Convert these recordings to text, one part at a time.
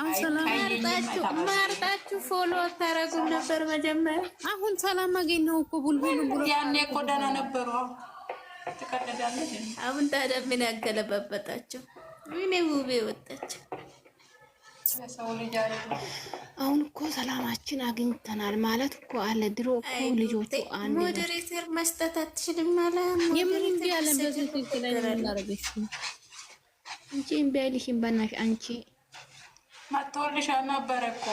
አሁን ሰላም መርጣችሁ ፎሎ ታረጉም ነበር መጀመሪያ። አሁን ሰላም አገኘሁ እኮ ቡልቡል ብሎ ያኔ እኮ ደህና ነበሩ። አሁን ታዲያ ምን ያገለባበጣቸው? እኔ ውቤ ወጣች። አሁን እኮ ሰላማችን አግኝተናል ማለት እኮ አለ። ድሮ እኮ ልጆቹ አንድ ሞዴሬተር መስጠት አትችልም ማለት የምን እንዲ ያለን በዚህ ትክክለኛ እናረገች እንጂ እምቢ አይልሽም በናሽ አንቺ መቶልሻ ነበረ እኮ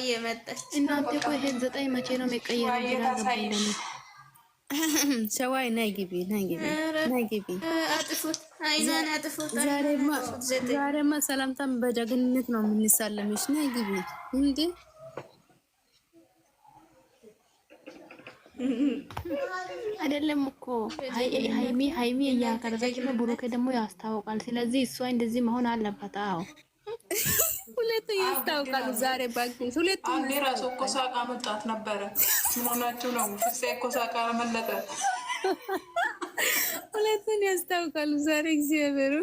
እየመጣች እናንተ እኮ ይሄን ዘጠኝ መቼ ነው የሚቀየረው? ሸዋይ ነይ ግቢ፣ ነይ ግቢ፣ ነይ ግቢ። ዛሬማ ሰላምታም በጀግንነት ነው የምንሳለምሽ። ነይ ግቢ እንዴ አይደለም እኮ ሀይሚ ሀይሚ እያቀረበች ነው፣ ብሩኬ ደግሞ ያስታውቃል። ስለዚህ እሷ እንደዚህ መሆን አለበት። አዎ ሁለቱ ያስታውቃሉ። ዛሬ ባግኝ ሁለቱ አንዴ ራሱ እኮ ሳቃ መጣት ነበረ። መሆናችሁ ነው ፍሴ እኮ ሳቃ መለጠ። ሁለቱን ያስታውቃሉ ዛሬ እግዚአብሔር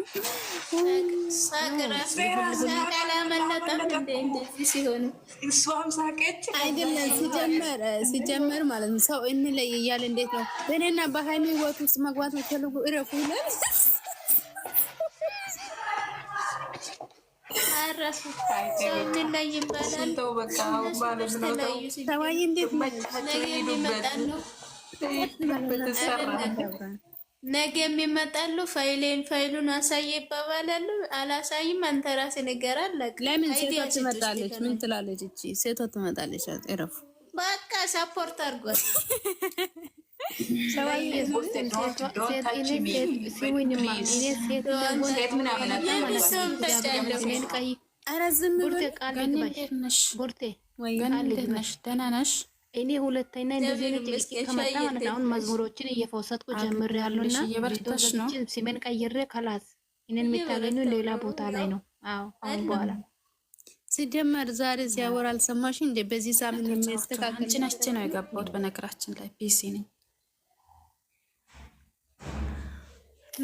ሲጀመር ማለት ነው ሰው እንለይ እያለ እንዴት ነው በእኔና በሀይሚ ህይወት ውስጥ መግባት መፈልጉ? እረፉ ይላል። ሰው እንለይ ይባላል። ነገ የሚመጣሉ ፋይሌን ፋይሉን አሳይ ይባባላሉ። አላሳይም አንተ ራስ ንገር አለቅ። ለምን ሴቷ ትመጣለች? ምን ትላለች? እቺ ሴቷ ትመጣለች። ረፉ በቃ ሳፖርት አድርጓል። ኧረ ቡርቴ ቃል ቃል ደህና ነሽ? እኔ ሁለተኛ እንደዚህ ነው ጥቂት ከመጣ ማለት ነው። አሁን መዝሙሮችን እየፈወሰጥኩ ጀምሬያለሁና ቪዲዮዎችን ሲመን ቀይሬ ከላስ እኔን የምታገኙ ሌላ ቦታ ላይ ነው። አዎ አሁን በኋላ ሲጀመር ዛሬ ሲያወራ አልሰማሽ እንደ በዚህ ሳምንት የሚያስተካክል ጭናች ነው የገባሁት። በነገራችን ላይ ቢሲ ነኝ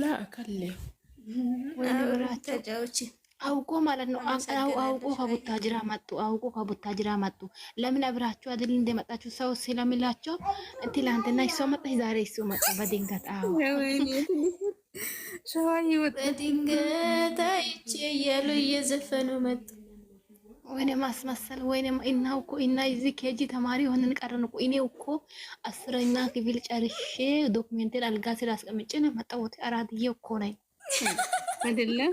ላ ወይ አካል አውቆ ማለት ነው። አውቆ ከቡታጅራ መጡ። አውቆ ከቡታጅራ መጡ። ለምን አብራችሁ አይደል እንደመጣችሁ ሰው ስለሚላቸው ትላንትና ሰው መጣ፣ ዛሬ እሱ መጣ። በድንገት አዎ፣ በድንገት አይቼ እያሉ እየዘፈኑ መጡ። ወይኔ ማስመሰል ወይኔ እና እኮ እና እዚህ ኬጂ ተማሪ ሆነን ቀረን እኮ እኔ እኮ አስረኛ ክፍል ጨርሼ ዶክሜንቴን አልጋ ስላስቀምጬ ነው መጣሁት። አራድዬ እኮ ነኝ አይደለም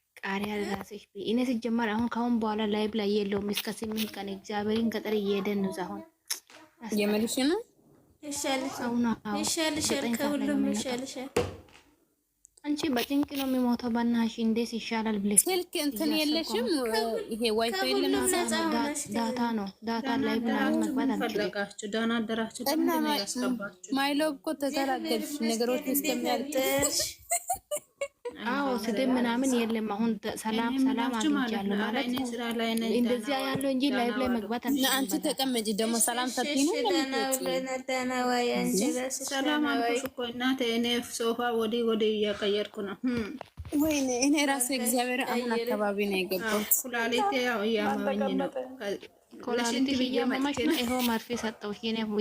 ቃሪያ ራስሽ ቢ እኔ ሲጀመር አሁን ካሁን በኋላ ላይብ ላይ የለውም እስከ ስምንት ቀን እግዚአብሔርን ገጠር እየሄደን ነው። አሁን የመልሽ ነው ይሻልሻል፣ ከሁሉም ይሻልሻል። አንቺ በጭንቅ ነው የሚሞተው። በእናትሽ እንዴት ይሻላል ብለሽ ስልክ እንትን የለሽም። ይሄ ዋይፋይ የለም፣ ዳታ ነው። ዳታ ላይ መግባት አንፈልጋችሁ። ደህና አደራችሁ እና ማይሎብ እኮ ተዘላገልሽ ነገሮች እስከሚያልቅ አዎ ስድብ ምናምን የለም። አሁን ሰላም ሰላም አግኝቻለሁ ማለት እንደዚያ ያለው እንጂ ላይብ ላይ መግባት አንቺ ተቀመጪ ደግሞ ሰላም ሰፊ ነው። እኔ ሶፋ ወዲህ ወዲህ እያቀየርኩ ነው። ወይኔ እኔ ራሴ እግዚአብሔር አሁን አካባቢ ነው የገባሁት። ኩላሊቴ ያው እያመመኝ ነው። መርፌ ሰጠው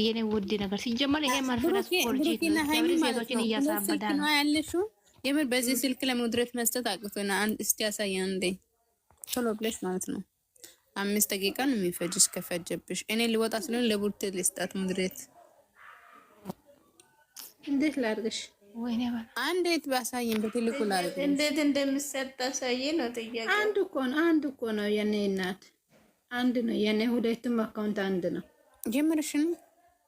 የኔ ውድ ነገር ሲጀመር ይሄ መርፌ ሴቶችን እያሳበዳ ነው ያለሽው የምር በዚህ ስልክ ለመድረት መስጠት አቅቶና አንድ እስቲ ያሳየን እንዴ ቶሎ ብለሽ ማለት ነው። አምስት ደቂቃ ነው የሚፈጅሽ። ከፈጀብሽ እኔ ልወጣ ስለሆነ ለቡርቴ ልስጣት ምድሬት እንዴት ላርግሽ? አንዴት ባሳየን በትልቁ ላርግ እንዴት እንደምሰጥ አሳየ ነው ጥያቄ። አንድ እኮ ነው አንድ እኮ ነው የኔ እናት፣ አንድ ነው የኔ። ሁለቱም አካውንት አንድ ነው። ጀምርሽን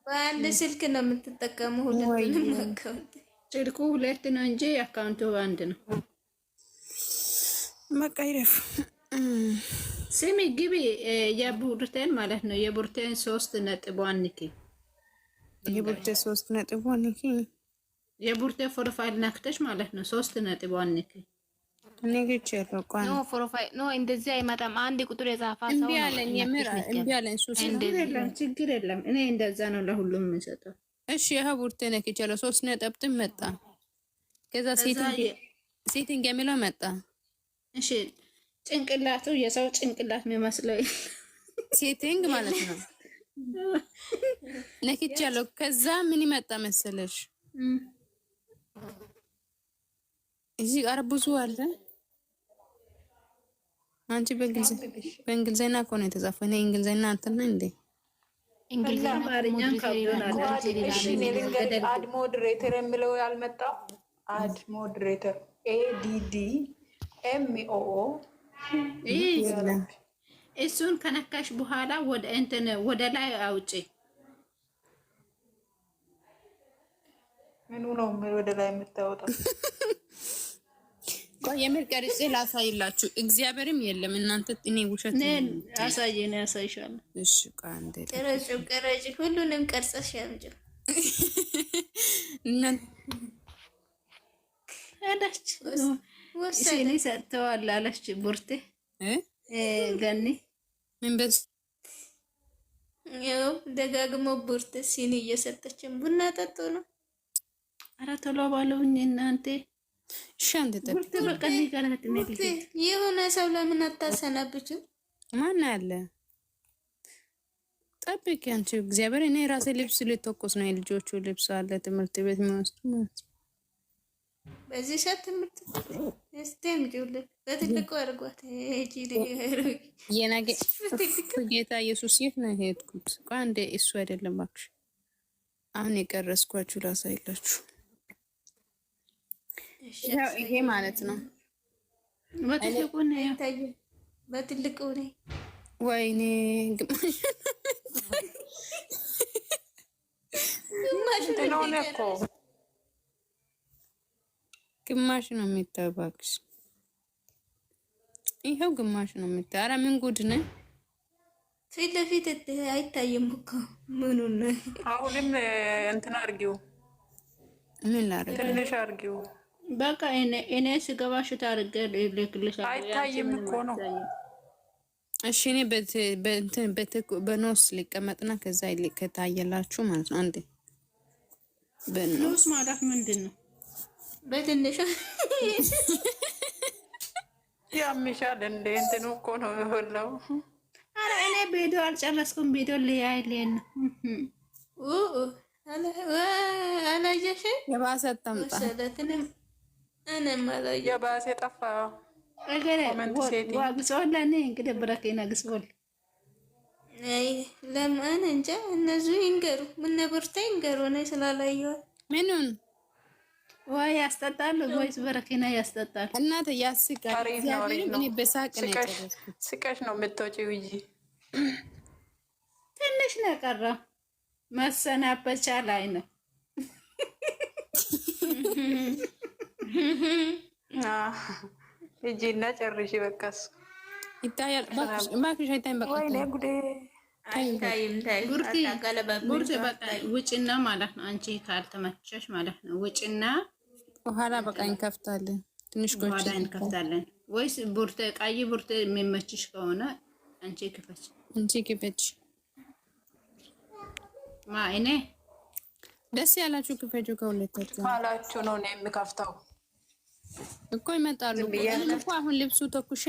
በአንድ ስልክ ነው የምትጠቀሙ ሁለቱንም አካውንት ስልኩ ሁለት ነው እንጂ አካውንቱ አንድ ነው። በቃ ይረፍ። ስሚ ግቢ የቡርቴን ማለት ነው። የቡርቴን ሶስት ነጥብ ዋንኪ የቡርቴ ሶስት ነጥብ ዋንኪ የቡርቴ ፕሮፋይል ናክተሽ ማለት ነው። ሶስት ነጥብ ዋንኪ እንደዚህ አይመጣም። አንድ ቁጥር የጻፋ ሰው እምቢ አለኝ። የምር እምቢ አለኝ። ሱስ ችግር የለም። እኔ እንደዛ ነው ለሁሉም የምንሰጠው እሺ ይሄ ቡርቴ ነክ ይቻለ ሶስት ነጥብጥም መጣ። ከዛ ሴቲንግ የሚለው መጣ። እሺ ጭንቅላቱ የሰው ጭንቅላት የሚመስለው ሴቲንግ ማለት ነው። ነክ ይቻለ ከዛ ምን ይመጣ መሰለሽ? እዚህ ጋር ብዙ አለ። አንቺ በእንግሊዘኛ በእንግሊዘኛ እኮ ነው የተጻፈው። እኔ እንግሊዘኛ አንተና እንዴ አድ ሞድሬተር የሚለው ያልመጣው አድ ሞድሬተር ኤዲዲ እሱን ከነካሽ በኋላ ወደ እንትን ወደ ላይ አውጪ። ምኑ ነው ወደ ላይ የምታወጣው? የምር ቀርጬ ላሳይላችሁ። እግዚአብሔርም የለም እናንተ እኔ ውሸት አሳየን፣ ያሳይሻል። እሺ ቀረጭ ቀረጭ፣ ሁሉንም ቀርጸሽ ያምጭ። ሲኒ ሰጥተዋል አለች ቡርቴ ገኒ ምን በዝ ያው ደጋግሞ ቡርቴ ሲኒ እየሰጠችን ቡና ጠጡ ነው። አረ ቶሎ ባለውኝ እናንቴ የሆነ ሰው ለምን አታሰናብችም? ማን አለ? ጠብቂ አንቺ እግዚአብሔር። እኔ ራሴ ልብስ ልተኮስ ነው። የልጆቹ ልብስ አለ ትምህርት ቤት የሚወስዱ ማለት በዚህ ሰዓት ትምህርት ስቴም በትልቁ የነገ ጌታ ኢየሱስ የት ነው የሄድኩት? ቆይ አንዴ፣ እሱ አይደለም እባክሽ። አሁን የቀረስኳችሁ ላሳይላችሁ ይሄ ማለት ነው። በትልቁ በትልቁ ወይኔ ግማሽ ግማሽ ነው የሚታዩ። እባክሽ ይኸው ግማሽ ነው የሚታዩ። ኧረ ምን ጉድ ነው! ፊት ለፊት አይታይም እኮ ምኑን። አሁንም እንትን አድርጊው፣ ምን ላድርግ? ትንሽ አድርጊው በቃ እኔ ስገባ ሽታ አድርጌ ልክልሻለሁ። አይታይም እኮ ነው። እሺ እኔ በኖስ ሊቀመጥና ከዛ ከታየላችሁ ማለት ነው። አንዴ በኖስ ማለት ምንድን ነው? በትንሽ ያምሻል እንደ እንትን እኮ ነው የሆነው። አረ እኔ ቤዶ አልጨረስኩም። ቤዶ ልያይ ነው አላየሽ የባሰ ታምጣ የባሰ ጠፋ ግጽወላ እኔ እንግዲህ ብረከና ግጽወል ለምን እንጃ እነዚሁ ያስጠጣል ወይስ ያስጠጣል? እናት ያስቃል። እኔ በሳቅ ነው መሰናበቻ ላይ ነው ሂጂና ጨርሺ። በቃ ይታያል። ውጭና ማለት ነው። አንቺ ካልተመቸሽ ማለት ነው ውጭና በኋላ በቃ እንከፍታለን። ትንሽ ቆይቼ እንከፍታለን። ወይስ ቡርቴ ቀይ ቡርቴ የሚመችሽ ከሆነ አንቺ ክፈች፣ አንቺ ክፈች። ማ እኔ ደስ ያላችሁ ክፈቹ። ከሁለታችሁ ካላችሁ ነው እኔ እኮ ይመጣሉ እኮ አሁን ልብሱ ተኩሽ